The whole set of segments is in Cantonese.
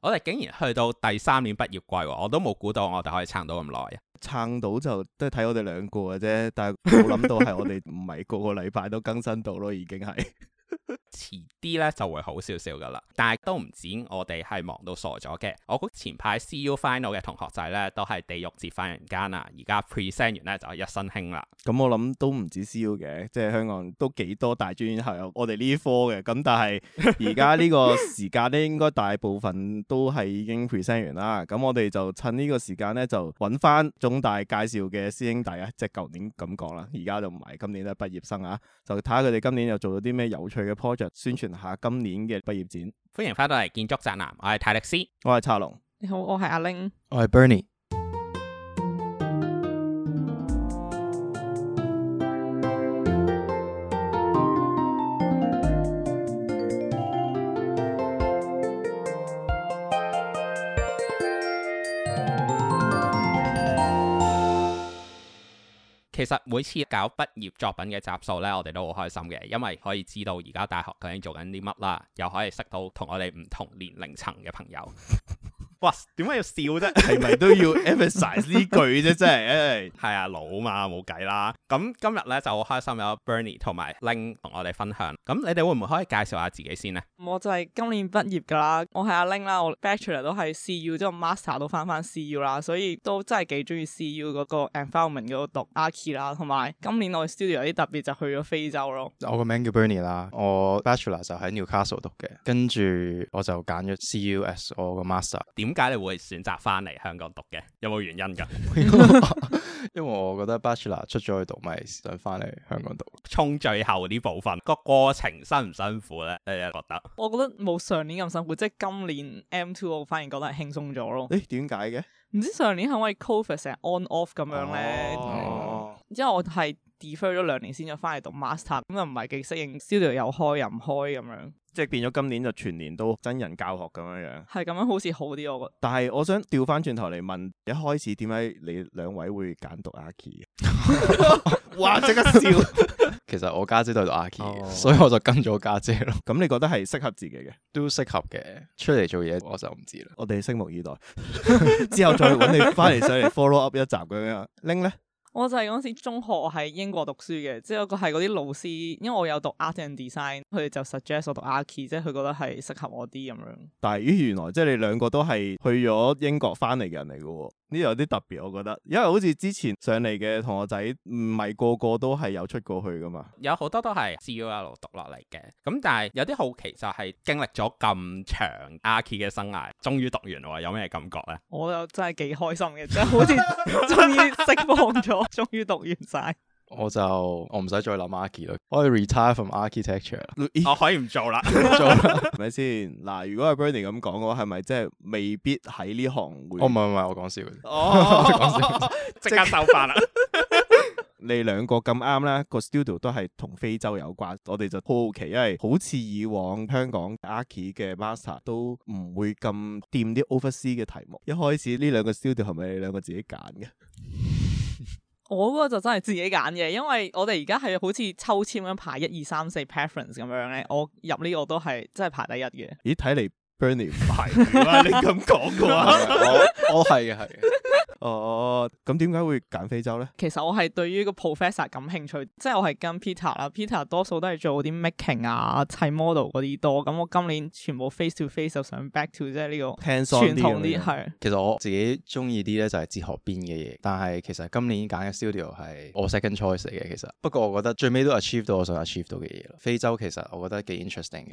我哋竟然去到第三年畢業季、哦，我都冇估到我哋可以撐到咁耐啊！撐到就都係睇我哋兩個嘅啫，但係冇諗到係我哋唔係個個禮拜都更新到咯，已經係。 遲啲咧就會好少少噶啦，但係都唔止我哋係忙到傻咗嘅。我估前排 CU final 嘅同學仔咧都係地獄節返人間啦，而家 present 完咧就一身輕啦。咁、嗯、我諗都唔止 CU 嘅，即係香港都幾多大專院校有我哋呢科嘅。咁但係而家呢個時間咧， 應該大部分都係已經 present 完啦。咁我哋就趁呢個時間咧，就揾翻中大介紹嘅師兄弟啊，即係舊年咁講啦，而家就唔係今年嘅畢業生啊，就睇下佢哋今年又做咗啲咩有趣嘅 project。就宣傳下今年嘅畢業展。歡迎翻到嚟建築宅男，我係泰力斯，我係查龍。你好，我係阿玲，我係 Bernie。其實每次搞畢業作品嘅集數呢，我哋都好開心嘅，因為可以知道而家大學究竟做緊啲乜啦，又可以識到同我哋唔同年齡層嘅朋友。 哇！點解要笑啫？係咪 都要 emphasize 呢 句啫？真、哎、係，誒係啊老嘛，冇計啦。咁今日咧就好開心有 Bernie 同埋 Ling 同我哋分享。咁你哋會唔會可以介紹下自己先咧？我就係今年畢業噶啦，我係阿 Ling 啦，我 Bachelor 都係 CU，之後 Master 都翻翻 CU 啦，所以都真係幾中意 CU 嗰個 environment 嗰度讀 Archi 啦。同埋今年我嘅 studio 有啲特別，就去咗非洲咯。我個名叫 Bernie 啦，我 Bachelor 就喺 Newcastle 讀嘅，跟住我就揀咗 CUS 我個 master。點解你會選擇翻嚟香港讀嘅？有冇原因噶？ 因為我覺得 Bachelor 出咗去讀，咪、就是、想翻嚟香港讀、嗯。衝最後呢部分，個過程辛唔辛苦咧？你又覺得？我覺得冇上年咁辛苦，即係今年 M two 我反而覺得係輕鬆咗咯。誒，點解嘅？唔知上年係咪 COVID 成日 on off 咁樣咧？哦、啊。之後、嗯、我係 defer 咗兩年先再翻嚟讀 master，咁又唔係幾適應 studio 又開又唔開咁樣。即係變咗今年就全年都真人教學咁樣樣，係咁樣好似好啲我覺得。但係我想調翻轉頭嚟問，一開始點解你兩位會揀讀 Archi 嘅？哇！即刻笑。 其實我家姐，姐都係讀 Archi、oh. 所以我就跟咗我家姐咯。咁、嗯、你覺得係適合自己嘅？都適合嘅，出嚟做嘢我就唔知啦。 我哋拭目以待， 之後再揾你翻嚟上嚟 follow up 一集咁樣。Link 咧。我就係嗰時中學我喺英國讀書嘅，即係個係嗰啲老師，因為我有讀 Art and Design，佢哋就 suggest 我讀 archie，即係佢覺得係適合我啲咁樣。但係咦原來即係你兩個都係去咗英國翻嚟嘅人嚟嘅喎。呢度有啲特別，我覺得，因為好似之前上嚟嘅同學仔，唔係個個都係有出過去噶嘛，有好多都係 CU 讀落嚟嘅。咁但係有啲好奇就係經歷咗咁長 Archi 嘅生涯，終於讀完喎，有咩感覺咧？我就真係幾開心嘅，真係好似終於釋放咗，終於 讀完晒。我就我唔使再諗 archie 啦，我可以 retire from architecture，我可以唔做啦，唔做啦，係咪先？嗱，如果阿 Bernie 咁講嘅話，係咪即係未必喺呢行會？哦、oh，唔唔係，我講笑哦， 即係講 笑，， 即刻收翻啦。你兩個咁啱啦，個 studio 都係同非洲有關，我哋就好好奇，因為好似以往香港 archie 嘅 master 都唔會咁掂啲 oversea 嘅題目。一開始呢兩個 studio 係咪你兩個自己揀嘅？ 我嗰個就真係自己揀嘅，因為我哋而家係好似抽籤咁排一二三四 preference 咁樣咧，我入呢個都係真係排第一嘅。咦，睇嚟～b e r n i 你咁講嘅話，我我係嘅係嘅。哦，咁點解會揀非洲咧？其實我係對於個 professor 感興趣，即、就、係、是、我係跟 Peter 啦。Peter 多數都係做啲 making 啊、砌 model 嗰啲多。咁我今年全部 face to face 就想 back to 即係呢個 hands 啲，係的。其實我自己中意啲咧就係哲學邊嘅嘢，但係其實今年揀嘅 studio 係我 second choice 嚟嘅。其實不過我覺得最尾都 achieve 到我想 achieve 到嘅嘢，非洲其實我覺得幾 interesting 嘅。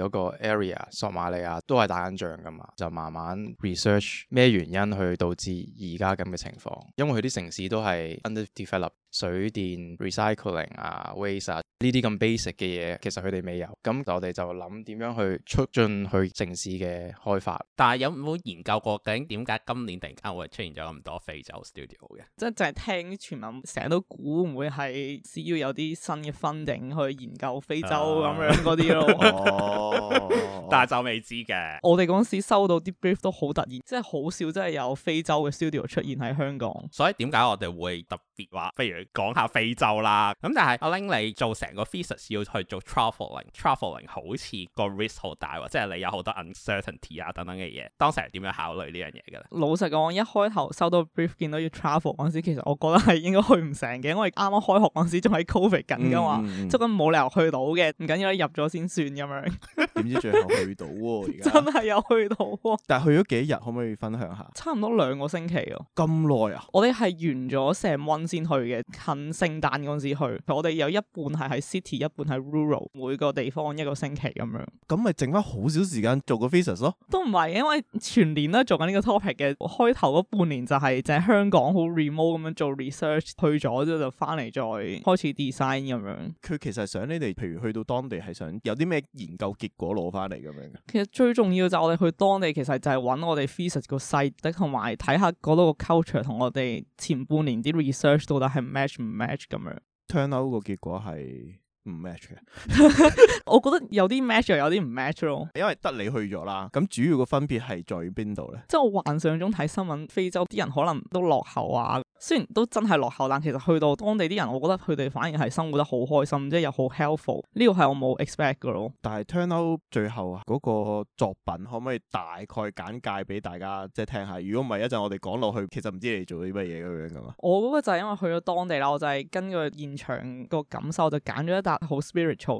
嗰個 area 索馬利亞都係打緊仗㗎嘛，就慢慢 research 咩原因去導致而家咁嘅情況，因為佢啲城市都係 underdevelop，水電 recycling 啊，waste 啊。呢啲咁 basic 嘅嘢，其實佢哋未有，咁我哋就諗點樣去促進去城市嘅開發，但係有冇研究過究竟點解今年突然間會出現咗咁多非洲 studio 嘅？即係就係聽傳聞成日都估唔會係需要有啲新嘅 funding 去研究非洲咁、啊、樣嗰啲咯。但係就未知嘅。我哋嗰陣時收到啲 brief 都好突然，即係好少真係有非洲嘅 studio 出現喺香港。所以點解我哋會特？話，不如講下非洲啦。咁、嗯、但係 n 拎你做成個 thesis 要去做 t r a v e l i n g t r a v e l i n g 好似個 risk 好大喎，即、就、係、是、你有好多 uncertainty 啊等等嘅嘢。當時係點樣考慮呢樣嘢嘅咧？老實講，我一開頭收到 brief 見到要 t r a v e l l i 嗰時，其實我覺得係應該去唔成嘅，因為啱啱開學嗰時仲喺 covid 緊㗎嘛，即咁冇理由去到嘅，唔緊要你入咗先算咁樣。點、嗯嗯、 知最後去到喎、啊？ 真係有去到喎、啊！但係去咗幾日，可唔可以分享下？差唔多兩個星期喎。咁耐啊！我哋係完咗成 o 先去嘅，近聖誕陣時去。我哋有一半係喺 city，一半喺 rural，每個地方一個星期咁樣，咁咪剩翻好少時間做個個 thesis 咯？都唔係，因為全年咧做緊呢個 topic 嘅開頭半年就係就係香港好 remote 咁樣做 research，去咗之後就翻嚟再開始 design 咁樣，佢其實想你哋，譬如去到當地係想有啲咩研究結果攞翻嚟咁樣，嘅。其實最重要就係我哋去當地，其實就係揾我哋 thesis 個 site，同埋睇下嗰度個 culture 同我哋前半年啲 research。到底係 match 唔 match 咁樣，turn out 個結果係唔 match 嘅。我覺得有啲 match 又有啲唔 match 咯。因為得你去咗啦，咁主要個分別係在邊度咧？即係我幻想中睇新聞，非洲啲人可能都落後啊。雖然都真係落後，但其實去到當地啲人，我覺得佢哋反而係生活得好開心，即係又好 helpful。呢個係我冇 expect 嘅咯。但係 turn out 最後嗰個作品，可唔可以大概簡介俾大家即係聽下？如果唔係一陣我哋講落去，其實唔知你做咗啲乜嘢咁樣嘅。我嗰個就係因為去咗當地啦，我就係根據現場個感受，就揀咗一笪好 spiritual。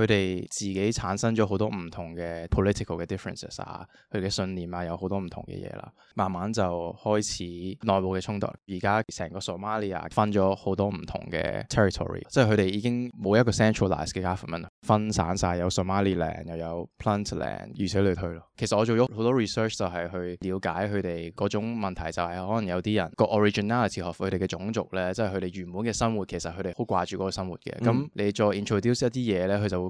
佢哋自己產生咗好多唔同嘅 political 嘅 differences 啊，佢嘅信念啊，有好多唔同嘅嘢啦，慢慢就開始內部嘅衝突。而家成個 Somalia 分咗好多唔同嘅 territory，即係佢哋已經冇一個 centralized 嘅 government，分散晒。有 Somaliland 又有 plant land，如此類推咯。其實我做咗好多 research 就係去了解佢哋嗰種問題，就係、是、可能有啲人個 originality 學佢哋嘅種族咧，即係佢哋原本嘅生活，其實佢哋好掛住嗰個生活嘅。咁你再 introduce 一啲嘢咧，佢就會。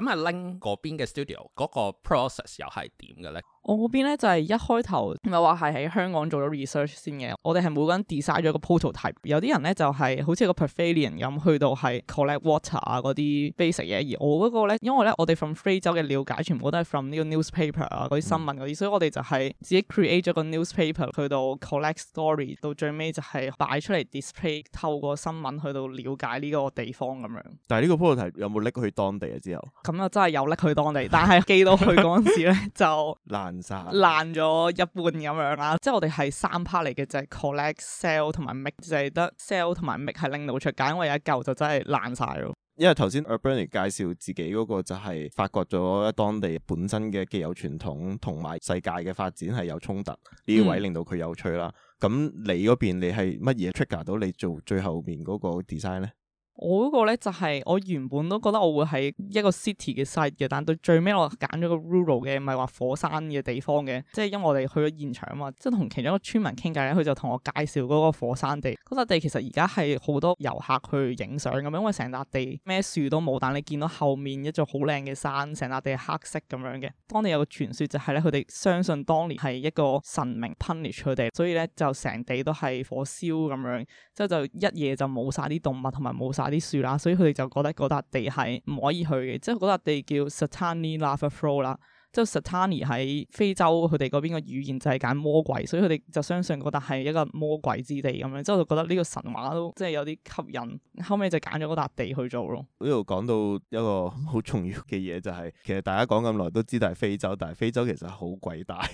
咁啊，Ling 嗰邊嘅 studio 嗰個 process 又係點嘅咧？我嗰邊咧就係、是、一開頭咪話係喺香港做咗 research 先嘅。我哋係每個人 design 咗個 prototype 有啲人咧就係、是、好似個 pavilion 咁去到係 collect water 啊嗰啲 basic 嘢。而我嗰個咧，因為咧我哋 from 非洲嘅了解全部都係 from 呢個 newspaper 啊嗰啲新聞嗰啲，嗯、所以我哋就係自己 create 咗個 newspaper 去到 collect story，到最尾就係擺出嚟 display，透過新聞去到了解呢個地方咁樣。但係呢個 prototype 有冇拎去當地啊？之後咁又真係有拎去當地， 但係寄到去嗰陣時咧 就爛晒，爛咗一半咁樣啦。即係 我哋係三 part 嚟嘅，就係、是、collect、sell 同埋 make，凈係得 sell 同埋 make 係拎到出街，因為有一嚿就真係爛晒咯。因為頭先 Bernie 介紹自己嗰個就係發覺咗當地本身嘅既有傳統同埋世界嘅發展係有衝突呢、嗯、位令到佢有趣啦。咁你嗰邊你係乜嘢 trigger 到你做最後面嗰個 design 咧？我嗰個咧就係、是、我原本都覺得我會喺一個 city 嘅 site 嘅，但到最尾我揀咗個 rural 嘅，唔係話火山嘅地方嘅。即係因為我哋去咗現場啊嘛，即係同其中一個村民傾偈咧，佢就同我介紹嗰個火山地。嗰、那、笪、個、地其實而家係好多遊客去影相咁樣，因為成笪地咩樹都冇，但你見到後面一座好靚嘅山，成笪地係黑色咁樣嘅。當地有個傳說就係、是、咧，佢哋相信當年係一個神明 punish 佢哋，所以咧就成地都係火燒咁樣，之後就一夜就冇晒啲動物同埋冇晒。啲樹啦，所以佢哋就覺得嗰笪地係唔可以去嘅，即係嗰笪地叫 Shetani Lava Flow 啦。之後 Satani 喺非洲佢哋嗰邊嘅語言就係揀魔鬼，所以佢哋就相信嗰笪係一個魔鬼之地，咁樣之後就覺得呢個神話都即係有啲吸引，後尾就揀咗嗰笪地去做咯。呢度講到一個好重要嘅嘢，就係、是、其實大家講咁耐都知係非洲，但係非洲其實好鬼大、啊。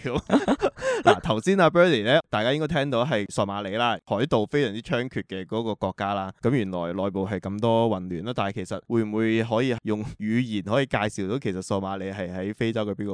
嗱，頭先阿 Bernie 咧，大家應該聽到係索馬里啦，海盜非常之猖獗嘅嗰個國家啦。咁原來內部係咁多混亂啦，但係其實會唔會可以用語言可以介紹到其實索馬里係喺非洲嘅邊個？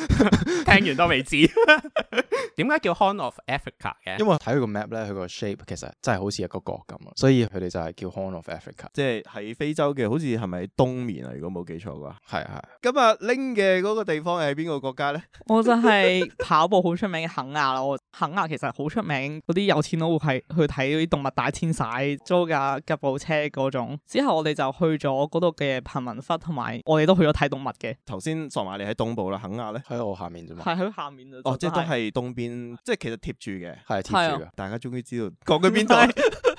聽完都未知，點解叫 Horn of Africa 嘅？因為我睇佢個 map 咧，佢個 shape 其實真係好似一個角咁啊，所以佢哋就係叫 Horn of Africa，即係喺非洲嘅，好似係咪東面啊？如果冇記錯嘅話，係係。咁啊，拎嘅嗰個地方係邊個國家咧？ 我就係跑步好出名嘅肯亞咯，肯亞其實好出名，嗰啲有錢佬會係去睇嗰啲動物大遷徙，租架吉普車嗰種。之後我哋就去咗嗰度嘅貧民窟，同埋我哋都去咗睇動物嘅。頭先索馬里喺東部啦，肯亞咧喺我。下面啫嘛，係喺下面，就是，哦，即係都係東邊，即係其實貼住嘅，係貼住嘅。的大家終於知道講緊邊度。 不是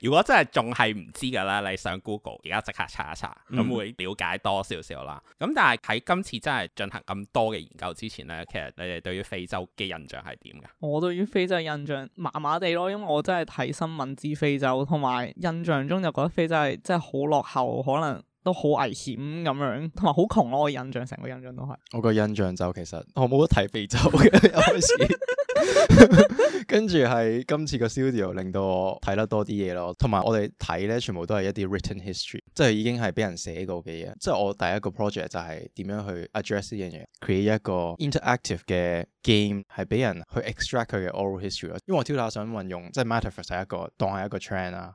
如果真係仲係唔知噶啦，你上 Google 而家即刻查一查，咁會了解多少少啦。咁、嗯、但係喺今次真係進行咁多嘅研究之前咧，其實你哋對於非洲嘅印象係點嘅？我對於非洲嘅印象麻麻地咯，因為我真係睇新聞知非洲，同埋印象中就覺得非洲係真係好落後，可能。都好危險咁樣，同埋好窮咯、啊！我印象成個印象都係，我個印象就其實我冇得睇非洲嘅一開始， 跟住係今次個 studio 令到我睇得多啲嘢咯，同埋我哋睇咧全部都係一啲 written history，即係已經係俾人寫過嘅嘢。即係我第一個 project 就係點樣去 address 呢樣嘢，create 一個 interactive 嘅 game 係俾人去 extract 佢嘅 oral history 咯。因為我挑下想運用即係 metaverse 係一個當係一個 trend 啦。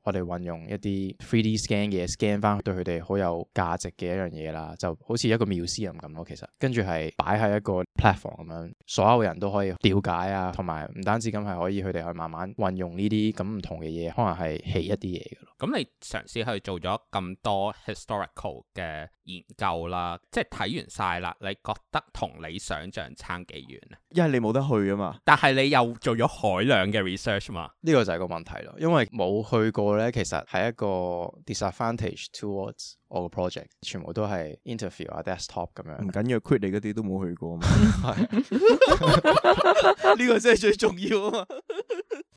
我哋運用一啲 3D scan 嘅 scan 翻，對佢哋好有價值嘅一樣嘢啦，就好似一個 museum 咁咯。其實跟住係擺喺一個 platform 咁樣，所有人都可以了解啊，同埋唔單止咁係可以佢哋去慢慢運用呢啲咁唔同嘅嘢，可能係起一啲嘢噶咯。咁你嘗試去做咗咁多 historical 嘅研究啦，即係睇完晒啦，你覺得同你想象差幾遠啊？因為你冇得去啊嘛。但係你又做咗海量嘅 research 嘛？呢個就係個問題咯，因為冇去過。咧，其實係一個 disadvantage towards 我個 project，全部都係 interview 啊、desktop 咁樣，唔緊要，quit 你嗰啲都冇去過嘛，係，呢個真係最重要啊嘛，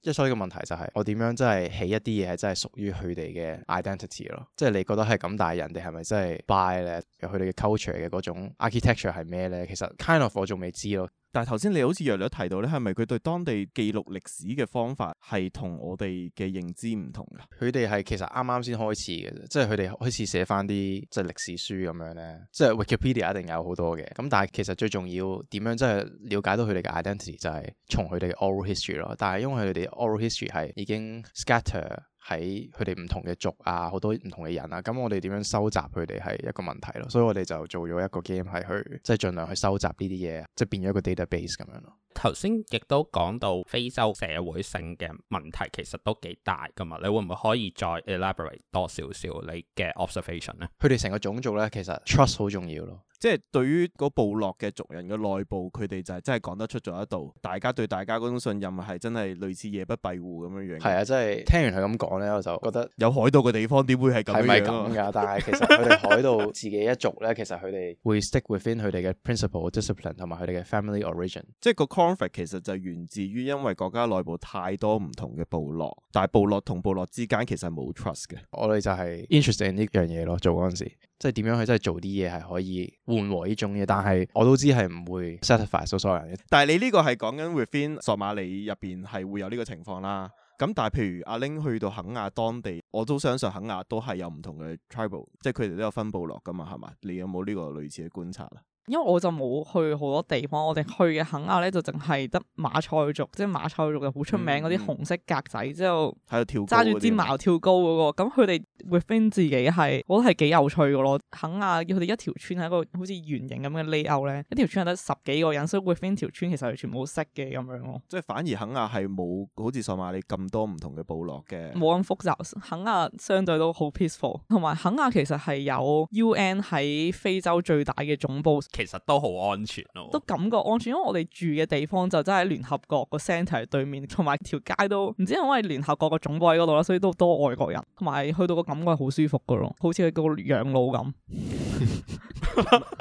即 係、yeah，所以個問題就係、是、我點樣真係起一啲嘢係真係屬於佢哋嘅 identity 咯，即係你覺得係咁大，人哋係咪真係 buy 咧？佢哋嘅 culture 嘅嗰種 architecture 係咩咧？其實 kind of 我仲未知咯。但係頭先你好似弱弱提到咧，係咪佢對當地記錄歷史嘅方法係同我哋嘅認知唔同啊？佢哋係其實啱啱先開始嘅，即係佢哋開始寫翻啲即係歷史書咁樣咧，即係 Wikipedia 一定有好多嘅。咁但係其實最重要點樣即係了解到佢哋嘅 identity 就係從佢哋嘅 oral history 咯。但係因為佢哋嘅 oral history 係已經 scatter。喺佢哋唔同嘅族啊，好多唔同嘅人啊，咁我哋點樣收集佢哋係一個問題咯，所以我哋就做咗一個 game 係去，即係盡量去收集呢啲嘢，即係變咗一個 database 咁樣咯。頭先亦都講到非洲社會性嘅問題，其實都幾大噶嘛，你會唔會可以再 elaborate 多少少你嘅 observation 咧？佢哋成個種族咧，其實 trust 好重要咯。即係對於嗰部落嘅族人嘅內部，佢哋就係真係講得出做得到。大家對大家嗰種信任係真係類似夜不閉戶咁樣樣。係啊，即係聽完佢咁講咧，我就覺得有海盜嘅地方點會係咁樣？係咪咁？但係其實佢哋海盜自己一族咧， 其實佢哋會 stick within 佢哋嘅 principle discipline 同埋佢哋嘅 family origin。即係個 conflict 其實就源自於因為國家內部太多唔同嘅部落，但係部落同部落之間其實冇 trust 嘅。我哋就係 interesting in 呢樣嘢咯，做嗰陣時，即係點樣去真係做啲嘢係可以。換和呢種嘢，但係我都知係唔會 certify, so sorry。但係你呢個係講緊 within 索馬里入邊係會有呢個情況啦。咁但係譬如阿 Ling 去到肯亞當地，我都相信肯亞都係有唔同嘅 tribal，即係佢哋都有分部落㗎嘛，係嘛？你有冇呢個類似嘅觀察啊？因為我就冇去好多地方，我哋去嘅肯亞咧就淨係得馬賽族，即係馬賽族就好出名嗰啲紅色格仔之、嗯、後，喺度跳揸住支矛跳高嗰個，咁佢哋 within 自己係，我覺得係幾有趣噶咯。肯亞佢哋一條村係一個好似圓形咁嘅 layout 咧，一條村係得十幾個人，所以 within 條村其實係全部識嘅咁樣咯。即係反而肯亞係冇好似索馬里咁多唔同嘅部落嘅，冇咁複雜。肯亞相對都好 peaceful，同埋肯亞其實係有 UN 喺非洲最大嘅總部。其實都好安全咯，啊，都感覺安全，因為我哋住嘅地方就真係聯合國個 centre 對面，同埋條街都唔知，因為聯合國個總部喺嗰度啦，所以都多外國人，同埋去到個感覺係好舒服噶咯，好似個養老咁。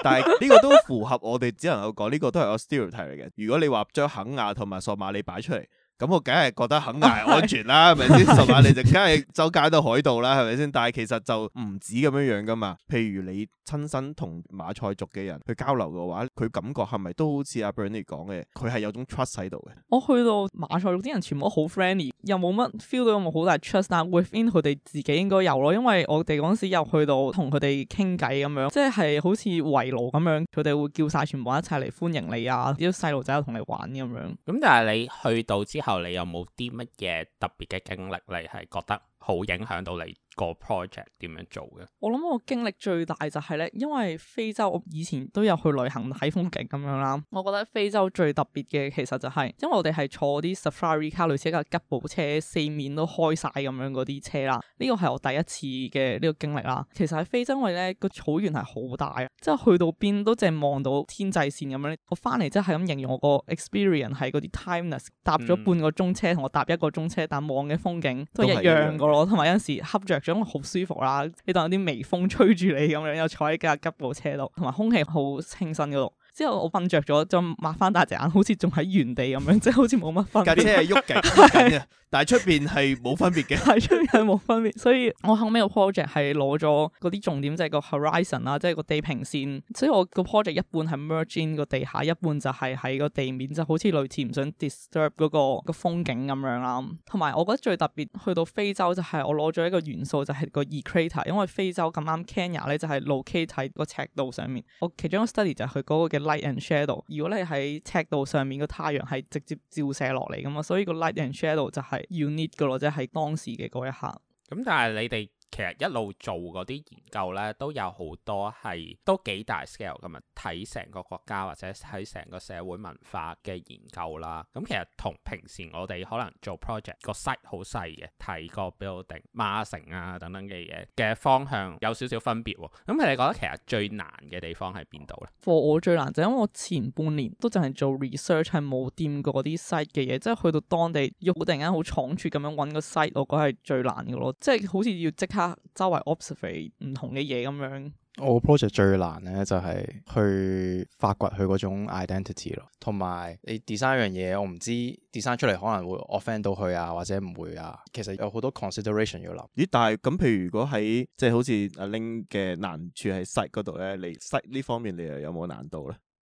但係呢個都符合我哋只能夠講，呢、這個都係個 stereotype 嚟嘅。如果你話將肯亞同埋索馬里擺出嚟。咁我梗係覺得肯亞安全啦，係咪先？實話 你就梗係周街都海盜啦，係咪先？但係其實就唔止咁樣樣㗎嘛。譬如你親身同馬賽族嘅人去交流嘅話，佢感覺係咪都好似阿 Bernie 講嘅？佢係有種 trust 喺度嘅。我去到馬賽族啲人全部好 friendly，又冇乜 feel 到咁好大 trust。但 within 佢哋自己應該有咯因為我哋嗰時又去到同佢哋傾偈咁樣，即係好似圍爐咁樣，佢哋會叫曬全部一齊嚟歡迎你啊！啲細路仔同你玩咁樣。咁但係你去到之後你有冇啲乜嘢特別嘅經歷，你係覺得好影響到你？個 project 點樣做嘅？我諗我經歷最大就係咧，因為非洲我以前都有去旅行睇風景咁樣啦。 我覺得非洲最特別嘅其實就係、是，因為我哋係坐啲 safari car，類似一架吉普車，四面都開晒咁樣嗰啲車啦。呢個係我第一次嘅呢個經歷啦。其實喺非洲我哋呢，因為咧個草原係好大啊，即、就、係、是、去到邊都淨係望到天際線咁樣。我翻嚟之後係咁形容我個 experience 係嗰啲 timeless 搭咗半個鐘車同我搭一個鐘車，但望嘅風景都一樣㗎咯，同埋、嗯、有陣、嗯、時恰着。因為好舒服啦，呢度有啲微風吹住你咁樣，又坐喺架吉普車度，同埋空氣好清新嗰度。之後我瞓着咗，就擘翻大隻眼，好似仲喺原地咁樣，即係好似冇乜分別。架車係喐嘅，但係出邊係冇分別嘅。係出邊冇分別，所以我後尾個 project 係攞咗嗰啲重點，就係個 horizon 啦，即係個地平線。所以我個 project 一半係 merge in 個地下，一半就係喺個地面，就好似類似唔想 disturb 嗰個個風景咁樣啦。同埋我覺得最特別去到非洲就係我攞咗一個元素就係、是、個 equator，因為非洲咁啱 Kenya 咧就係 locate 喺個赤道上面。我其中一個 study 就係去嗰個嘅。Light and shadow，如果你喺赤道上面個太陽係直接照射落嚟噶嘛，所以個 light and shadow 就係 unique 個或者係當時嘅嗰一刻。咁但係你哋。其實一路做嗰啲研究咧，都有好多係都幾大 scale 嘅，睇成個國家或者喺成個社會文化嘅研究啦。咁、嗯、其實同平時我哋可能做 project 個 site 好細嘅，提過俾我哋馬城啊等等嘅嘢嘅方向有少少分別，哦。咁你哋覺得其實最難嘅地方係邊度咧？我最難就係、是、因為我前半年都淨係做 research，係冇掂過啲 site 嘅嘢，即係去到當地要好突然間好倉促咁樣揾個 site，我覺得係最難嘅咯，即係好似要即刻。周圍 observate 唔同嘅嘢咁樣，我 project 最難咧就係、是、去發掘佢嗰種 identity 咯，同埋你 design 一樣嘢，我唔知 design 出嚟可能會 offend 到佢啊，或者唔會啊，其實有好多 consideration 要諗。咦，但係咁譬如如果喺即係好似阿 Ling 嘅難處喺 site 嗰度咧，你 site 呢方面你又有冇難度咧？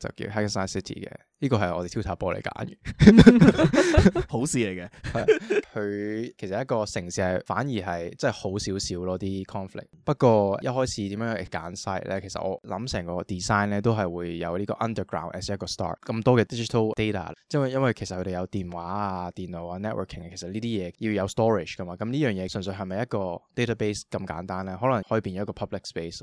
就叫 Hagerson City 嘅，呢、這個係我哋 t 塔波嚟揀嘅， 好事嚟嘅。佢 其實一個城市係反而係即係好少少咯啲 conflict。不過一開始點樣去揀曬咧，其實我諗成個 design 咧都係會有呢個 underground as 一個 start 咁多嘅 digital data。因為因為其實佢哋有電話啊、電腦啊、networking 啊，其實呢啲嘢要有 storage 噶嘛。咁呢樣嘢純粹係咪一個 database 咁簡單咧？可能可以變咗一個 public space。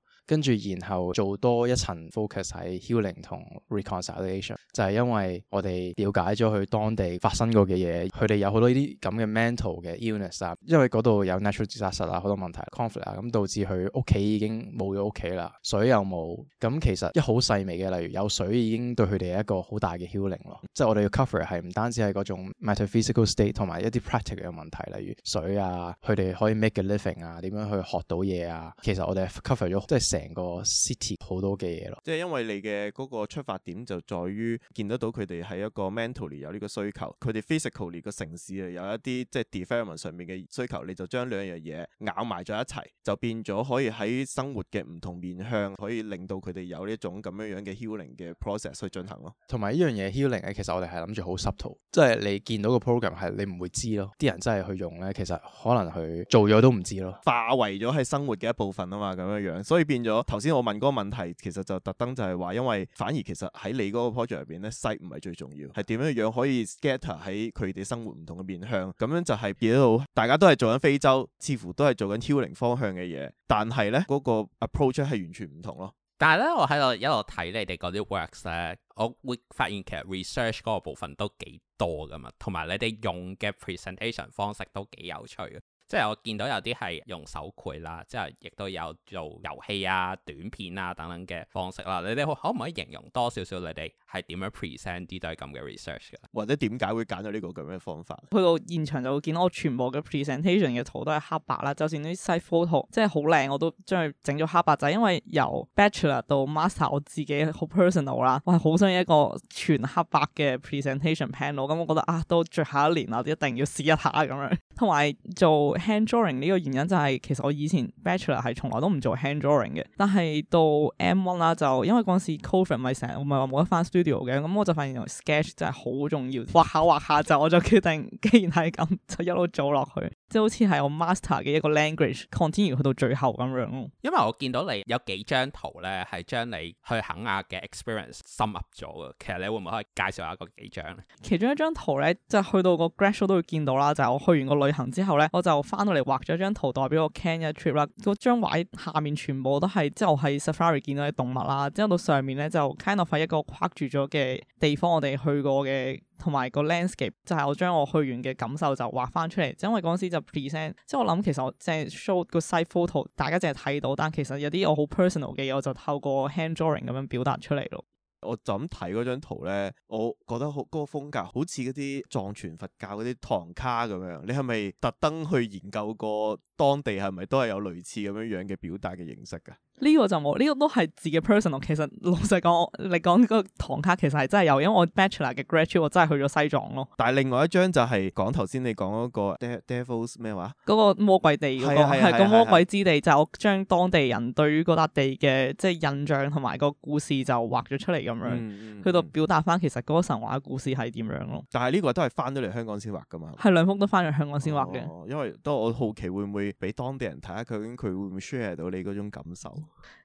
跟住，然後做多一層 focus 喺 healing 同 reconciliation，就係因為我哋了解咗佢當地發生過嘅嘢，佢哋有好多呢啲咁嘅 mental 嘅 illness 啊，因為嗰度有 natural 自 i 室 disaster 啊，好多問題 conflict 啊，咁導致佢屋企已經冇咗屋企啦，水又冇，咁其實一好細微嘅，例如有水已經對佢哋係一個好大嘅 healing 咯，即係我哋 cover 係唔單止係嗰種 metaphysical state 同埋一啲 practical 嘅問題，例如水啊，佢哋可以 make a living 啊，點樣去學到嘢啊，其實我哋 cover 咗即係成。成個 city 好多嘅嘢咯，即係因為你嘅嗰個出發點就在於見得到佢哋係一個 mentally 有呢個需求，佢哋 physically 個城市啊有一啲即係 development 上面嘅需求，你就將兩樣嘢咬埋咗一齊，就變咗可以喺生活嘅唔同面向，可以令到佢哋有呢種咁樣樣嘅 healing 嘅 process 去進行咯。同埋呢樣嘢 healing 咧，其實我哋係諗住好 subtle，即係你見到個 program 係你唔會知咯，啲人真係去用咧，其實可能去做咗都唔知咯，化為咗係生活嘅一部分啊嘛，咁樣樣，所以變咗。頭先我問嗰個問題，其實就特登就係話，因為反而其實喺你嗰個 project 入邊咧 size 唔係最重要，係點樣樣可以 scatter 喺佢哋生活唔同嘅面向，咁樣就係變到大家都係做緊非洲，似乎都係做緊挑齡方向嘅嘢，但係咧嗰個 approach 係完全唔同咯。但係咧，我喺度一路睇你哋嗰啲 works 咧，我會發現其實 research 嗰個部分都幾多噶嘛，同埋你哋用嘅 presentation 方式都幾有趣。即係我見到有啲係用手繪啦，即係亦都有做遊戲啊、短片啊等等嘅方式啦。你哋可唔可以形容多少少你哋係點樣 present 啲都係咁嘅 research 㗎，或者點解會揀到呢個咁嘅方法？去到現場就會見到我全部嘅 presentation 嘅圖都係黑白啦， 就算啲細 photo 即係好靚，我都將佢整咗黑白仔。就係、因為由 bachelor 到 master，我自己好 personal 啦，我係好想一個全黑白嘅 presentation panel、嗯。咁我覺得啊，到最後一年啦，我一定要試一下咁樣。 同埋做 hand drawing 呢個原因就係、是、其實我以前 bachelor 係從來都唔做 hand drawing 嘅，但係到 M1 啦，就因為嗰陣時 covid 咪成日我咪話冇得翻 studio 嘅，咁、嗯、我就發現用 sketch 真係好重要，畫下畫下就我就決定，既然係咁，就一路做落去，即係好似係我 master 嘅一個 language，continue 去到最後咁樣。因為我見到你有幾張圖咧，係將你去肯亞嘅 experience 深入咗嘅，其實你會唔會可以介紹下嗰幾張？其中一張圖咧，就去到個 grad show 都會見到啦，就係、是、我去完個旅。行之後咧，我就翻到嚟畫咗張圖，代表我 Kenya 嘅 trip 啦。嗰張畫下面全部都係之後係 Safari 見到啲動物啦。之後到上面咧就 kind of 係一個框住咗嘅地方，我哋去過嘅同埋個 landscape 就係我將我去完嘅感受就畫翻出嚟。因為嗰陣時就 present，即係我諗其實我淨係 show 個細 photo，大家淨係睇到，但其實有啲我好 personal 嘅嘢，我就透過 hand drawing 咁樣表達出嚟咯。我就咁睇嗰張圖咧，我覺得好嗰個風格好似嗰啲藏傳佛教嗰啲唐卡咁樣。你係咪特登去研究過當地係咪都係有類似咁樣樣嘅表達嘅形式噶？呢個就冇，呢、這個都係自己 personal。其實老實講，我你講呢個唐卡其實係真係有，因為我 bachelor 嘅 graduate 我真係去咗西藏咯。但係另外一張就係講頭先你講嗰個 Devil’s De 咩話？嗰個魔鬼地嗰、那個係個魔鬼之地，就是、我將當地人對於嗰笪地嘅即係印象同埋個故事就畫咗出嚟咁樣，嗯嗯嗯、去到表達翻其實嗰個神話嘅故事係點樣咯。但係呢個都係翻咗嚟香港先畫㗎嘛？係兩幅都翻咗香港先畫嘅，因為都我好奇會唔會俾當地人睇下究竟佢會唔會 share 到你嗰種感受？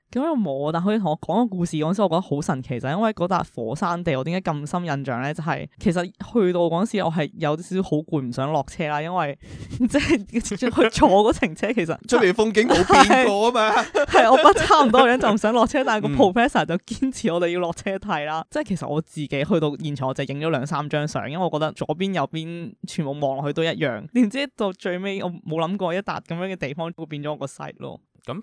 咁又冇，但可以同我講個故事嗰時，我覺得好神奇就係，因為嗰笪火山地，我點解咁深印象咧？就係、是、其實去到嗰時，我係有啲少少好攰，唔想落車啦，因為即係 去坐嗰程車，其實出邊風景冇變過啊嘛。係，我覺得差唔多樣，就唔想落車。但係個 professor 就堅持我哋要落車睇啦。嗯、即係其實我自己去到現場，我就影咗兩三張相，因為我覺得左邊、右邊全部望落去都一樣。點知到最尾，我冇諗過一笪咁樣嘅地方會變咗我個 site 咯、嗯。咁。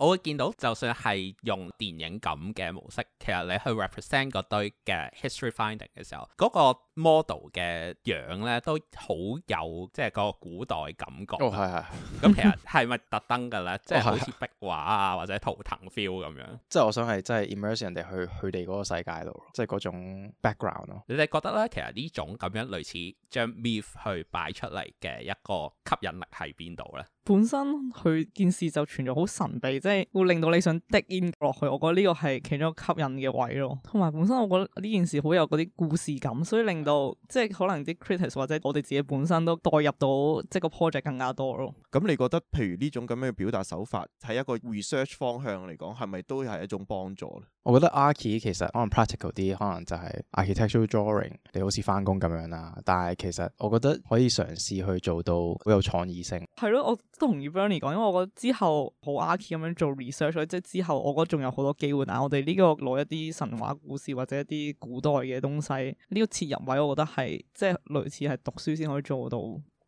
我會見到，就算係用電影咁嘅模式，其實你去 represent 嗰堆嘅 history finding 嘅時候，嗰個 model 嘅樣咧都好有即係嗰個古代感覺。哦，係係。咁其實係咪特登㗎咧？ 即係好似壁畫啊，或者圖騰 feel 咁樣。即係我想係即係 immerse 人哋去佢哋嗰個世界度，即係嗰種 background 咯。你哋覺得咧，其實呢種咁樣類似將 myth 去擺出嚟嘅一個吸引力喺邊度咧？本身佢件事就存在好神秘，即係會令到你想 dig in 落去。我覺得呢個係其中一個吸引嘅位咯。同埋本身我覺得呢件事好有嗰啲故事感，所以令到即係可能啲 critics 或者我哋自己本身都代入到即係個 project 更加多咯。咁你覺得譬如呢種咁樣嘅表達手法喺一個 research 方向嚟講，係咪都係一種幫助咧？我覺得 Archi 其實可能 practical 啲，可能就係 architectural drawing，你好似翻工咁樣啦。但係其實我覺得可以嘗試去做到好有創意性。係咯，我都同意 Bernie 講，因為我覺得之後好 Archi 咁樣做 research，即係之後我覺得仲有好多機會。但係我哋呢個攞一啲神話故事或者一啲古代嘅東西，呢、這個切入位，我覺得係即係類似係讀書先可以做到。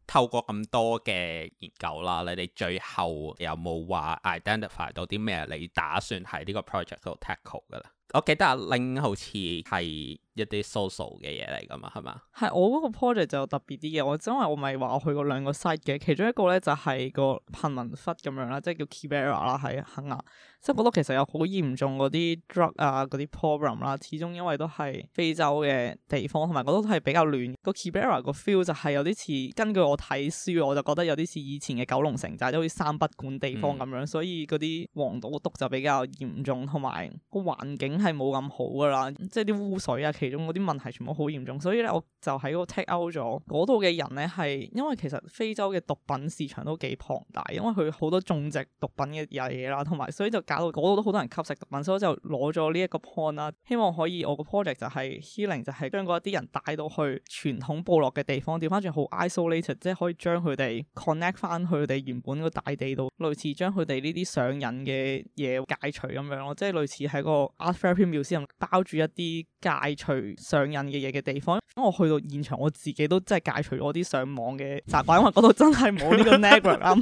透過咁多嘅研究啦，你哋最後有冇話 identify 到啲咩？你打算喺呢個 project 度 tackle 㗎喇？我記得阿 Ling 好似係一啲 social 嘅嘢嚟噶嘛，係嘛？係我嗰個 project 就特別啲嘅，我因為我咪話我去過兩個 site 嘅，其中一個咧就係、是、個貧民窟咁樣啦，即係叫 Kibera 啦，喺肯亞。即係覺得其實有好嚴重嗰啲 drug 啊、嗰啲 problem 啦，始終因為都係非洲嘅地方，同埋覺得都係比較亂。個 Kibera 個 feel 就係有啲似根據我睇書，我就覺得有啲似以前嘅九龍城寨好似三不管地方咁樣，嗯、所以嗰啲黃賭毒就比較嚴重，同埋個環境，係冇咁好噶啦，即係啲污水啊，其中嗰啲問題全部好嚴重，所以咧我就喺個 take out 咗嗰度嘅人咧，係因為其實非洲嘅毒品市場都幾龐大，因為佢好多種植毒品嘅嘢啦，同埋所以就搞到嗰度都好多人吸食毒品，所以我就攞咗呢一個 point 啦，希望可以我個 project 就係、是、healing，就係將嗰一啲人帶到去傳統部落嘅地方，調翻轉好 isolated，即係可以將佢哋 connect 翻佢哋原本個大地度，類似將佢哋呢啲上癮嘅嘢解除咁樣咯，即係類似喺個 art 片苗，包住一啲戒除上癮嘅嘢嘅地方，因我去到現場我自己都真係戒除咗啲上網嘅習慣， 因為嗰度真係冇呢個 network 啊，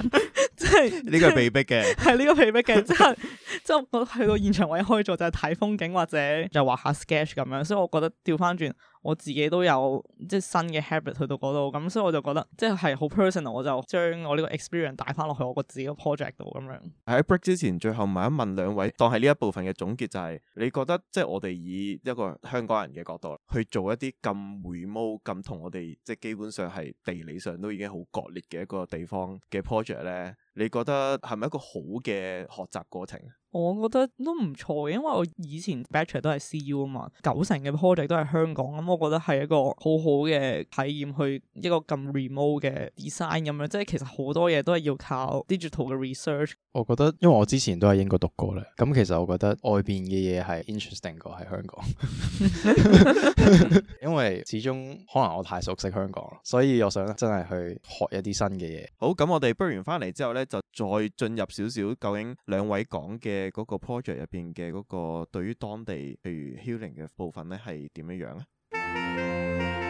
即係呢個被逼嘅，係呢個被逼嘅，即係即係我去到現場唯一可以做就係、是、睇風景或者就畫下 sketch 咁樣，所以我覺得調翻轉。我自己都有即係新嘅 habit 去到嗰度，咁所以我就覺得即係係好 personal，我就將我呢個 experience 帶翻落去我個自己嘅 project 度咁樣。喺 break 之前，最後問一問兩位，當係呢一部分嘅總結就係、是、你覺得即係我哋以一個香港人嘅角度去做一啲咁 remote 咁同我哋即係基本上係地理上都已經好割裂嘅一個地方嘅 project 咧。你覺得係咪一個好嘅學習過程？我覺得都唔錯，因為我以前 bachelor 都係 CU 啊嘛，九成嘅 project 都係香港咁，嗯，我覺得係一個好好嘅體驗去一個咁 remote 嘅 design 咁樣，即係其實好多嘢都係要靠 digital 嘅 research。我覺得，因為我之前都喺英國讀過咧，咁其實我覺得外邊嘅嘢係 interesting 過喺香港， 因為始終可能我太熟悉香港，所以我想真係去學一啲新嘅嘢。好，咁我哋 break 完翻嚟之後咧。就再進入少少，究竟兩位講嘅嗰個 project 入邊嘅嗰個對於當地譬如 healing 嘅部分咧，係點樣樣咧？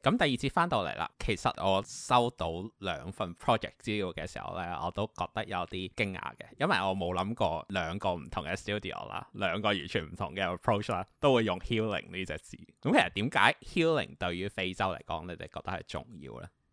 咁第二節翻到嚟啦，其實我收到兩份 project 資料嘅時候咧，我都覺得有啲驚訝嘅，因為我冇諗過兩個唔同嘅 studio 啦，兩個完全唔同嘅 approach 啦，都會用 healing 呢隻字。咁其實點解 healing 對於非洲嚟講，你哋覺得係重要咧？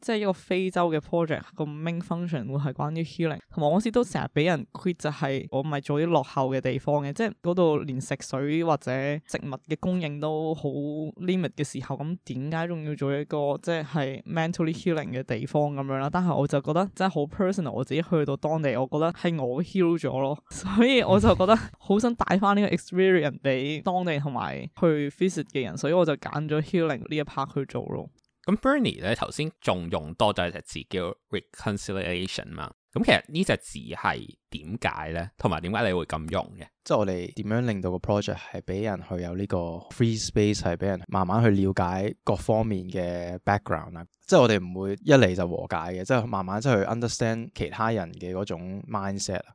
即係一個非洲嘅 project，個 main function 會係關於 healing，同埋我嗰時都成日畀人 quit 就係我唔係做啲落後嘅地方嘅，即係嗰度連食水或者植物嘅供應都好 limit 嘅時候，咁點解仲要做一個即係 mentally healing 嘅地方咁樣啦？但係我就覺得真係好 personal，我自己去到當地，我覺得係我 heal 咗咯，所以我就覺得好 想帶翻呢個 experience 俾當地同埋去 visit 嘅人，所以我就揀咗 healing 呢一 part 去做咯。咁 Bernie 咧頭先仲用多咗一隻字叫 reconciliation 嘛。咁、嗯、其實呢隻字係點解咧？同埋點解你會咁用嘅？即係我哋點樣令到個 project 係俾人去有呢個 free space，係俾人慢慢去了解各方面嘅 background 啊。即係我哋唔會一嚟就和解嘅，即係慢慢即係去 understand 其他人嘅嗰種 mindset 啊。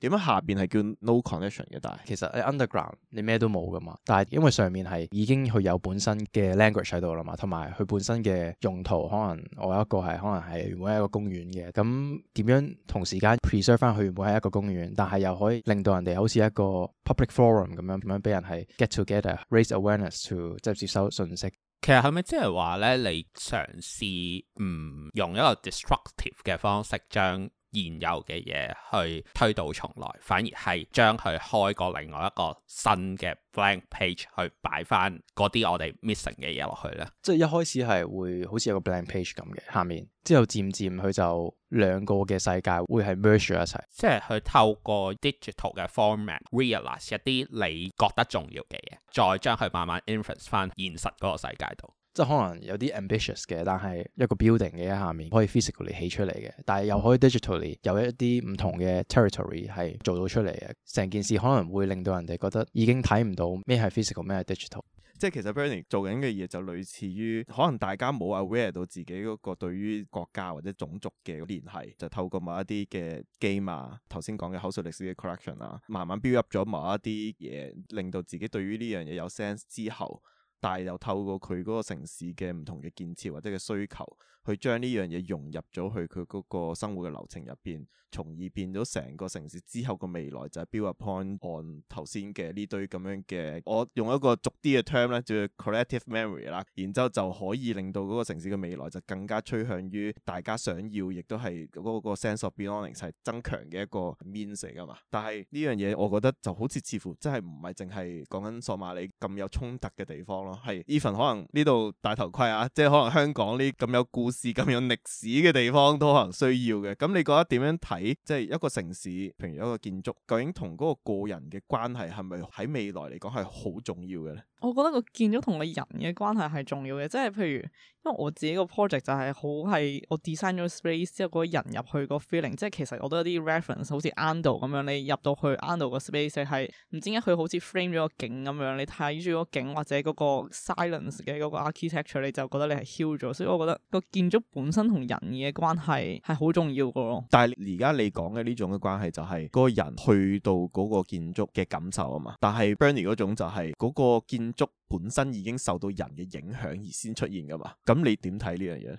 點樣下邊係叫 no connection 嘅？但係其實 under ground, 你 underground 你咩都冇㗎嘛。但係因為上面係已經佢有本身嘅 language 喺度啦嘛，同埋佢本身嘅用途可能我有一個係可能係每一個公園嘅。咁點樣同時間 preserve 翻佢每一個公園，但係又可以令到人哋好似一個 public forum 咁樣，咁樣俾人係 get together，raise awareness to 即係接收信息。其實係咪即係話咧？你嘗試唔、嗯、用一個 destructive 嘅方式將？現有嘅嘢去推倒重來，反而係將佢開過另外一個新嘅 blank page 去擺翻嗰啲我哋 missing 嘅嘢落去咧。即係一開始係會好似有一個 blank page 咁嘅下面，之後漸漸佢就兩個嘅世界會係 merge 咗一齊，即係佢透過 digital 嘅 format realize 一啲你覺得重要嘅嘢，再將佢慢慢 influence 翻現實嗰個世界度。即係可能有啲 ambitious 嘅，但係一個 building 嘅下面可以 physically 起出嚟嘅，但係又可以 digitally 有一啲唔同嘅 territory 係做到出嚟嘅。成件事可能會令到人哋覺得已經睇唔到咩係 physical，咩係 digital。即係其實 Bernie 做緊嘅嘢就類似於可能大家冇 aware 到自己嗰個對於國家或者種族嘅聯繫，就透過某一啲嘅 game 啊，頭先講嘅口述歷史嘅 correction 啊，慢慢 build up 咗某一啲嘢，令到自己對於呢樣嘢有 sense 之後。但係又透過佢嗰個城市嘅唔同嘅建設或者嘅需求。佢將呢樣嘢融入咗去佢嗰個生活嘅流程入邊，從而變咗成個城市之後嘅未來就係、是、Build 入 point 按頭先嘅呢堆咁樣嘅，我用一個俗啲嘅 term 咧，就叫 creative memory 啦，然之後就可以令到嗰個城市嘅未來就更加趨向於大家想要，亦都係嗰個 sense of belonging 係增強嘅一個面 e a 噶嘛。但係呢樣嘢，我覺得就好似似乎真係唔係淨係講緊索馬里咁有衝突嘅地方咯，係 even 可能呢度戴頭盔啊，即係可能香港呢咁有故事是咁有歷史嘅地方都可能需要嘅，咁你覺得點樣睇？即係一個城市，譬如一個建築，究竟同嗰個個人嘅關係係咪喺未來嚟講係好重要嘅咧？我覺得個建築同個人嘅關係係重要嘅，即係譬如因為我自己個 project 就係好係我 design 咗 space 之後個人入去個 feeling，即係其實我都有啲 reference，好似 Ando 咁樣，你入到去 Ando 個 space 係唔知點解佢好似 frame 咗個景咁樣，你睇住個景或者嗰個 silence 嘅嗰個 architecture，你就覺得你係 healed 咗，所以我覺得個建建築本身同人嘅關係係好重要噶咯，但係而家你講嘅呢種嘅關係就係個人去到嗰個建築嘅感受啊嘛，但係 Bernie 嗰種就係嗰個建築本身已經受到人嘅影響而先出現噶嘛，咁你點睇呢樣嘢咧？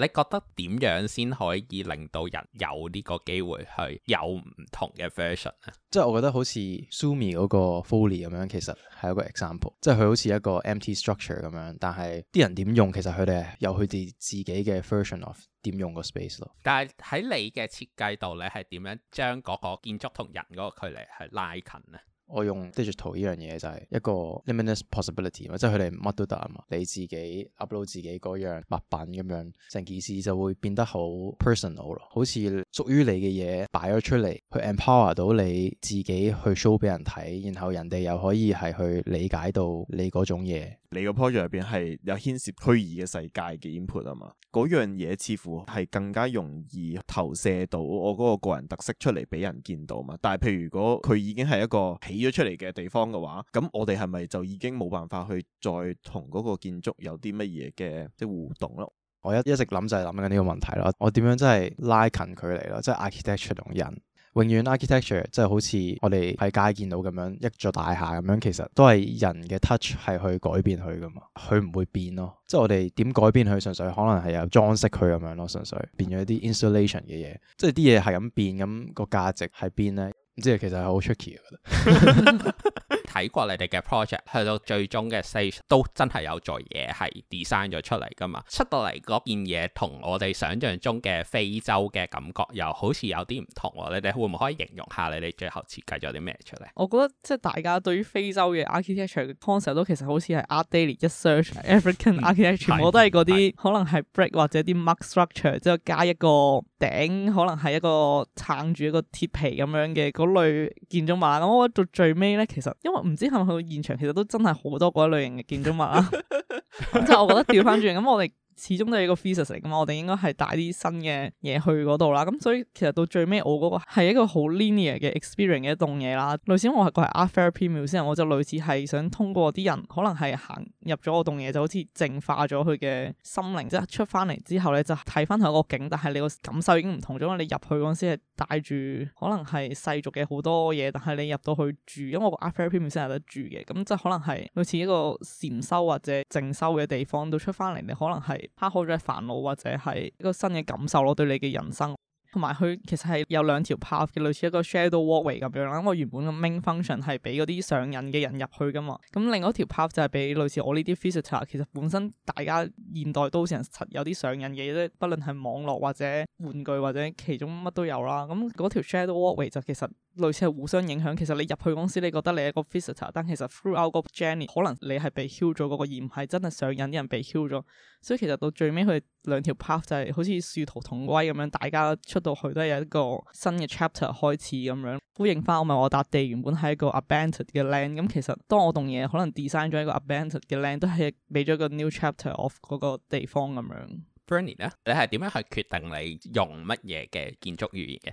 你覺得點樣先可以令到人有呢個機會去有唔同嘅 version 咧？即係我覺得好似 Sumi 嗰個 Foley 咁樣，其實係一個 example。即係佢好似一個 empty structure 咁樣，但係啲人點用，其實佢哋有佢哋自己嘅 version of 點用個 space 咯。但係喺你嘅設計度，你係點樣將嗰個建築同人嗰個距離係拉近咧？我用 digital 呢樣嘢就係一個 limitless possibility，即係佢哋乜都得啊嘛！你自己 upload 自己嗰樣物品咁樣，成件事就會變得 personal，好 personal 咯，好似屬於你嘅嘢擺咗出嚟，去 empower 到你自己去 show 俾人睇，然後人哋又可以係去理解到你嗰種嘢。你個 project 入邊係有牽涉虛擬嘅世界嘅演播啊嘛，嗰樣嘢似乎係更加容易投射到我嗰個個人特色出嚟俾人見到嘛。但係，譬如如果佢已經係一個起咗出嚟嘅地方嘅話，咁我哋係咪就已經冇辦法去再同嗰個建築有啲乜嘢嘅啲互動咯？我一一直諗就係諗緊呢個問題咯。我點樣真係拉近距離咯？即係 architecture 同人。.永遠 architecture 即係好似我哋喺街見到咁樣一座大廈咁樣，其實都係人嘅 touch 係去改變佢噶嘛，佢唔會變咯。即係我哋點改變佢，純粹可能係有裝飾佢咁樣咯，純粹變咗一啲 installation 嘅嘢。即係啲嘢係咁變，咁個價值喺邊呢？即係其實係好 tricky。睇過你哋嘅 project，去到最終嘅 stage 都真係有做嘢係 design 咗出嚟㗎嘛？出到嚟嗰件嘢同我哋想像中嘅非洲嘅感覺又好似有啲唔同。你哋會唔會可以形容下你哋最後設計咗啲咩出嚟？我覺得即係大家對於非洲嘅 architecture concept 都其實好似係 ArchDaily 一 search African architecture，嗯、全部都係嗰啲可能係 brick 或者啲 m 木 structure 之後加一個頂，可能係一個撐住一個鐵皮咁樣嘅嗰類建築物。我覺得到最尾咧，其實因為唔知係咪去到現場，其實都真係好多嗰一類型嘅建築物啊，咁即係我覺得調返轉，咁我哋。始終都係一個 thesis 嚟噶嘛，我哋應該係帶啲新嘅嘢去嗰度啦。咁、嗯、所以其實到最尾，我嗰個係一個好 linear 嘅 experience 嘅一棟嘢啦。類似我係個係 Art Therapy Museum 我就類似係想通過啲人可能係行入咗個棟嘢，就好似淨化咗佢嘅心靈，即係出翻嚟之後咧就睇翻佢個景，但係你個感受已經唔同咗。你入去嗰時係帶住可能係世俗嘅好多嘢，但係你入到去住，因為我個 Art Therapy Museum 有得住嘅，咁即係可能係類似一個禪修或者靜修嘅地方。到出翻嚟你可能係。拍好咗嘅煩惱或者係一個新嘅感受咯，對你嘅人生。同埋佢其實係有兩條 path 嘅，類似一個 shadow walkway 咁樣啦。因為原本嘅 main function 係俾嗰啲上癮嘅人入去噶嘛，咁另外一條 path 就係俾類似我呢啲 visitor，其實本身大家現代都成日有啲上癮嘅嘢啫，不論係網絡或者玩具或者其中乜都有啦。咁嗰條 shadow walkway 就其實～類似係互相影響，其實你入去公司，你覺得你係一個 visitor，但其實 throughout 個 journey，可能你係被 h u l 咗嗰個，而唔係真係上癮啲人被 h u l 咗。所以其實到最尾，佢兩條 path 就係好似殊途同歸咁樣，大家出到去都係有一個新嘅 chapter 開始咁樣，呼應翻我咪「我搭地，原本係一個 abandoned 嘅 land，咁其實當我棟嘢可能 design 咗一個 abandoned 嘅 land，都係俾咗個 new chapter of 嗰個地方咁樣。Bernie 咧，你係點樣去決定你用乜嘢嘅建築語言嘅？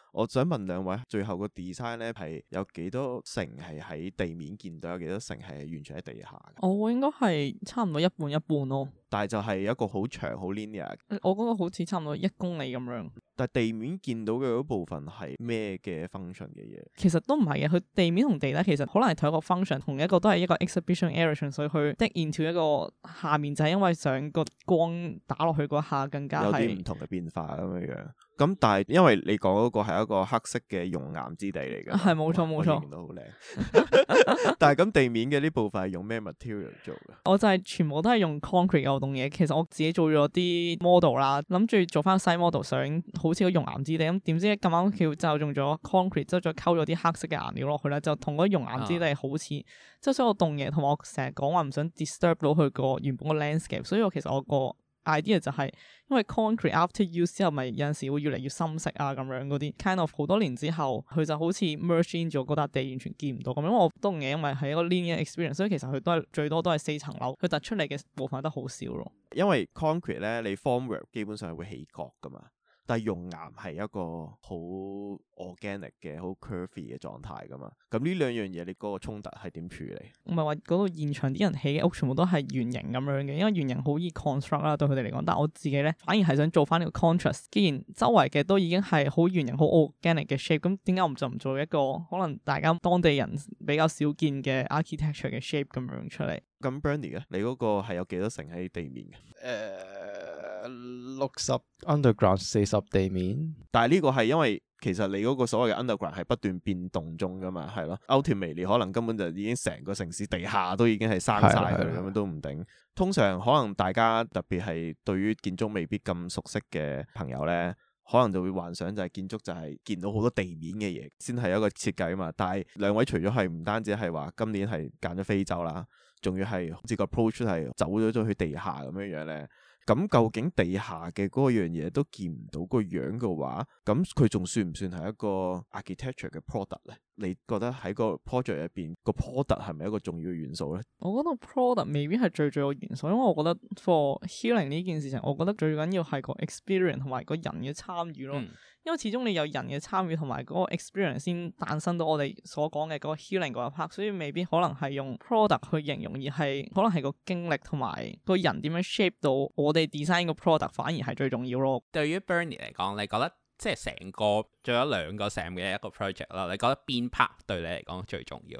我想問兩位，最後個 design 咧係有幾多成係喺地面見到，有幾多成係完全喺地下？我、哦、應該係差唔多一半一半咯。但係就係有一個好長好 linear。呃、我覺得好似差唔多一公里咁樣。但地面見到嘅部分係咩嘅 function 嘅嘢？其實都唔係嘅，佢地面同地底其實可能係同一個 function，同一個都係一個 exhibition area，所以佢跌入到一個下面就係、是、因為上個光打落去嗰下更加有啲唔同嘅變化咁樣樣。咁但係因為你講嗰個係一個黑色嘅熔岩之地嚟嘅，係冇錯冇錯，哇冇錯都好靚。但係咁地面嘅呢部分係用咩 material 做嘅？我就係全部都係用 concrete 嘅活動嘢。其實我自己做咗啲 model 啦，諗住做翻細 model，想好似個熔岩之地。咁點知咁啱佢就用咗 concrete，之後再溝咗啲黑色嘅顏料落去啦，就同嗰熔岩之地好似。即係、啊、所以我動嘢，同埋我成日講話唔想 disturb 到佢個原本個 landscape，所以我其實我個。idea 就係、是、因為 concrete after use 之後咪有陣時會越嚟越深色啊咁樣嗰啲，kind of 好多年之後佢就好似 merging 咗嗰笪地，完全見唔到咁樣。我都嘅，因為係一個 linear experience，所以其實佢都係最多都係四層樓，佢突出嚟嘅部分都好少咯。因為 concrete 咧，你 formwork 基本上係會起角噶嘛。但係熔岩係一個好 organic 嘅、好 curvy 嘅狀態噶嘛？咁呢兩樣嘢，你、那、嗰個衝突係點處理？唔係話嗰個現場啲人起嘅屋全部都係圓形咁樣嘅，因為圓形好易 construct 啦，對佢哋嚟講。但係我自己咧，反而係想做翻呢個 contrast。既然周圍嘅都已經係好圓形、好 organic 嘅 shape，咁點解我唔就唔做一個可能大家當地人比較少見嘅 architecture 嘅 shape 咁樣出嚟？咁 Bernie 咧，你嗰個係有幾多成喺地面嘅？誒、uh。六十 60, underground 四十地面，但係呢個係因為其實你嗰個所謂嘅 underground 係不斷變動中噶嘛，係咯，out of me 你可能根本就已經成個城市地下都已經係閂晒咁樣都唔定。通常可能大家特別係對於建築未必咁熟悉嘅朋友咧，可能就會幻想就係建築就係見到好多地面嘅嘢先係一個設計啊嘛。但係兩位除咗係唔單止係話今年係揀咗非洲啦，仲要係好似個 approach 係走咗咗去地下咁樣樣咧。咁究竟地下嘅嗰樣嘢都見唔到個樣嘅話，咁佢仲算唔算係一個 architecture 嘅 product 咧？你覺得喺個 project 入邊個 product 係咪一個重要嘅元素咧？我覺得 product 未必係最重要元素，因為我覺得 for healing 呢件事情，我覺得最緊要係個 experience 同埋個人嘅參與咯。嗯因為始終你有人嘅參與同埋嗰個 experience 先誕生到我哋所講嘅嗰個 healing 嗰一 part，所以未必可能係用 product 去形容，而係可能係個經歷同埋個人點樣 shape 到我哋 design 個 product 反而係最重要咯。對於 Bernie 嚟講，你覺得即係成個做咗兩個 sem 嘅一個 project 啦，你覺得邊 part 對你嚟講最重要？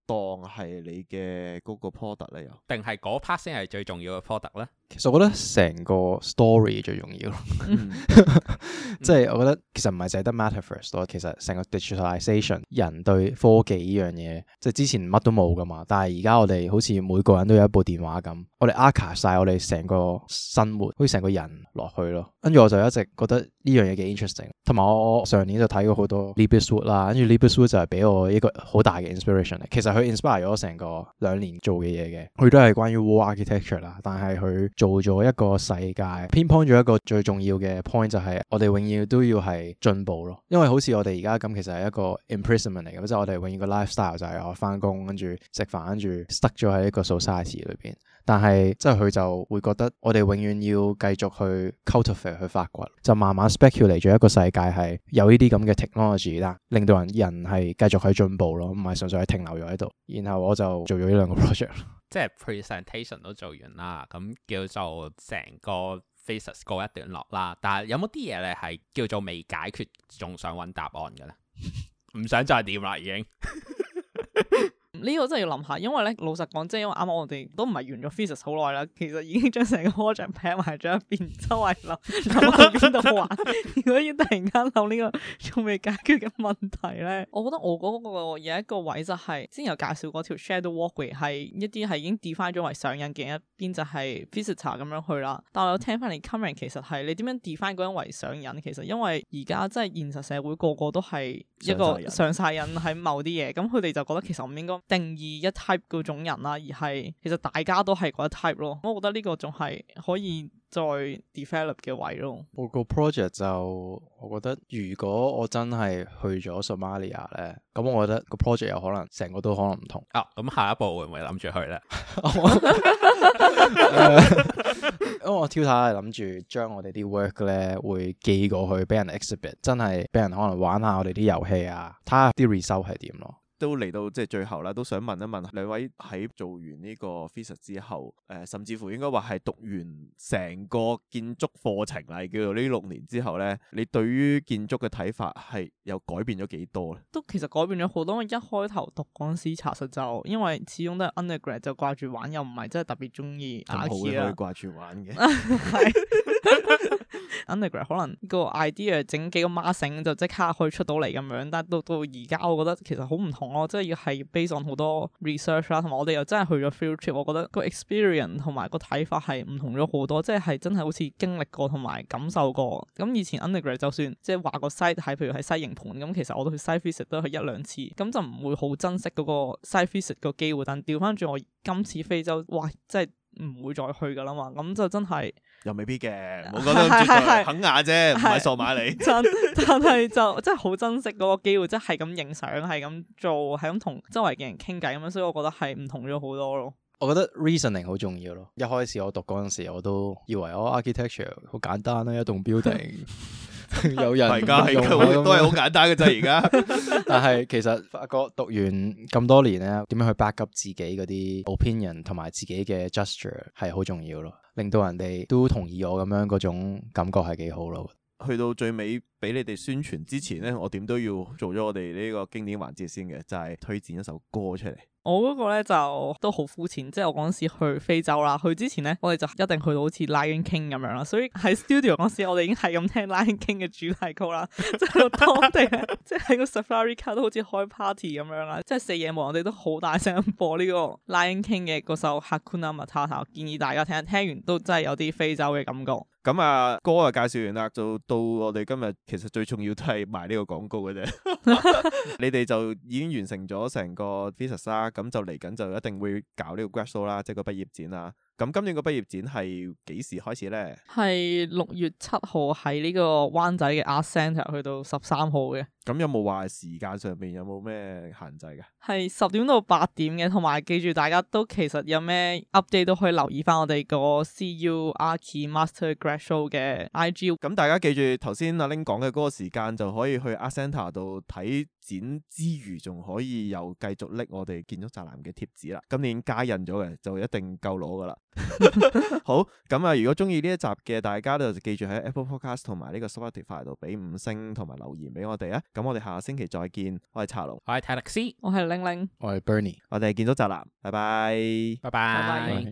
當係你嘅嗰個 product 咧，又定係嗰 part 先係最重要嘅 product 咧？其實我覺得成個 story 最重要即係 我覺得其實唔係淨係得 matter first 咯。其實成個 digitalization，人對科技呢樣嘢，即係之前乜都冇噶嘛，但係而家我哋好似每個人都有一部電話咁，我哋 archive 晒我哋成個生活，好似成個人落去咯。跟住我就一直覺得呢樣嘢幾 interesting。同埋我,我上年就睇過好多 Lebbeus Woods 啦，跟住 Lebbeus Woods 就係、是、俾我一個好大嘅 inspiration。其實 inspire 咗成個兩年做嘅嘢嘅，佢都係關於 war architecture 啦。但係佢做咗一個世界，偏 point 咗一個最重要嘅 point，就係我哋永遠都要係進步咯。因為好似我哋而家咁，其實係一個 imprisonment 嚟嘅，即係我哋永遠個 lifestyle 就係我翻工，跟住食飯，跟住塞咗喺一個 society 裏邊。但係即係佢就會覺得我哋永遠要繼續去 cultivate，去發掘，就慢慢 speculate 咗一個世界係有呢啲咁嘅 technology 啦，令到人人係繼續去進步咯，唔係純粹係停留咗喺度。然後我就做咗呢兩個 project，即係 presentation 都做完啦，咁叫做成個 phase 過一段落啦。但係有冇啲嘢咧係叫做未解決，仲想揾答案嘅咧？唔 想再掂啦，已經。 呢個真係要諗下，因為咧老實講，即係因為啱啱我哋都唔係完咗 physics 好耐啦，其實已經將成個 project 撇埋咗一邊，周圍諗諗喺邊度玩。 如果要突然間諗呢個仲未解決嘅問題咧，我覺得我嗰個有一個位就係、是、先有介紹過條 Shadow Walkway 係一啲係已經 define 咗為上癮嘅一邊，就係 physics 咁樣去啦。但我有聽翻嚟，comment 其實係你點樣 define 嗰個人為上癮？其實因為而家真係現實社會個個都係一個人上晒癮喺某啲嘢，咁佢哋就覺得其實唔應該。定義一 type 嗰種人啦，而係其實大家都係嗰 type 咯。我覺得呢個仲係可以再 develop 嘅位咯。我個 project 就，我覺得如果我真係去咗 Somalia 咧，咁我覺得個 project 有可能成個都可能唔同啊。咁下一步會唔會諗住去咧？因為我哋係諗住將我哋啲 work 咧會寄過去俾人 exhibit，真係俾人可能玩下我哋啲遊戲啊，睇下啲 result 係點咯。都嚟到即係最後啦，都想問一問兩位喺做完呢個 thesis 之後，誒、呃、甚至乎應該話係讀完成個建築課程嚟叫做呢六年之後咧，你對於建築嘅睇法係有改變咗幾多咧？都其實改變咗好多。一開頭讀嗰陣時其實就，因為始終都係 undergrad 就掛住玩，又唔係真係特別中意。咁好嘅可以掛住玩嘅。係 undergrad 可能個 idea 整幾個 massing 就即刻可以出到嚟咁樣，但係到到而家我覺得其實好唔同。我真係要係 based on 好多 research 啦，同埋我哋又真係去咗 field trip，我覺得個 experience 個同埋個睇法係唔同咗好多，即係係真係好似經歷過，同埋感受過。咁以前 undergrad 就算即係話個 site 係譬如喺西營盤咁，其實我都去 site visit 都去一兩次，咁就唔會好珍惜嗰個 site visit 嘅機會。但調翻轉我今次非洲，哇！即係唔會再去噶啦嘛，咁就真係。又未必嘅，冇講得咁絕對，是是是是肯亞啫，唔係是是 索馬里嚟。真， 但係就真係好珍惜嗰個機會，即係咁影相，係咁做，係咁同周圍嘅人傾偈咁樣，所以我覺得係唔同咗好多咯。我覺得 reasoning 好重要咯。一開始我讀嗰陣時，我都以為我 architecture 好簡單咧、啊，一棟 building 有人不用，而家係都係好簡單嘅啫。而家，但係其實發覺讀完咁多年咧，點樣去 back up 自己嗰啲 opinion 同埋自己嘅 gesture 係好重要咯。令到人哋都同意我咁樣嗰種感覺，係幾好咯。去到最尾俾你哋宣傳之前咧，我點都要做咗我哋呢個經典環節先嘅，就係推薦一首歌出嚟。我嗰個咧就都好膚淺，即係我嗰陣時去非洲啦。去之前咧，我哋就一定去到好似《Lion King》咁樣啦，所以喺 studio 嗰時，我哋已經係咁聽《Lion King》嘅主題曲啦。 即係當地， 即係喺個 Safari 卡都好似開 party 咁樣啦。即係四夜無我哋都好大聲咁播呢個 Lion《Lion King》嘅嗰首《Hakuna Matata》，建議大家聽聽完都真係有啲非洲嘅感覺。咁啊，歌啊介紹完啦，就到我哋今日其實最重要都係賣呢個廣告嘅啫。 你哋就已經完成咗成個 thesis 啦，咁就嚟緊就一定會搞呢個 grad show 啦，即係個畢業展啦。咁今年個畢業展係幾時開始咧？係六月七號喺呢個灣仔嘅 Art Center 去到十三號嘅。咁有冇話時間上面有冇咩限制嘅？係十點到八點嘅，同埋記住大家都其實有咩 update 都可以留意翻我哋個 CU Archi Master Grad Show 嘅 I G。咁、嗯、大家記住頭先阿 Ling 講嘅嗰個時間就可以去 Arts Centre 度睇展之餘，仲可以又繼續拎我哋建築宅男嘅貼紙啦。今年加印咗嘅，就一定夠攞噶啦。 好，咁啊，如果中意呢一集嘅，大家呢就記住喺 Apple Podcast 同埋呢個 Spotify 度俾五星同埋留言俾我哋啊！咁我哋下個星期再見，我係查龍，我係泰勒斯，我係玲玲，我係 Bernie，我哋建築宅男啦，拜拜，拜拜。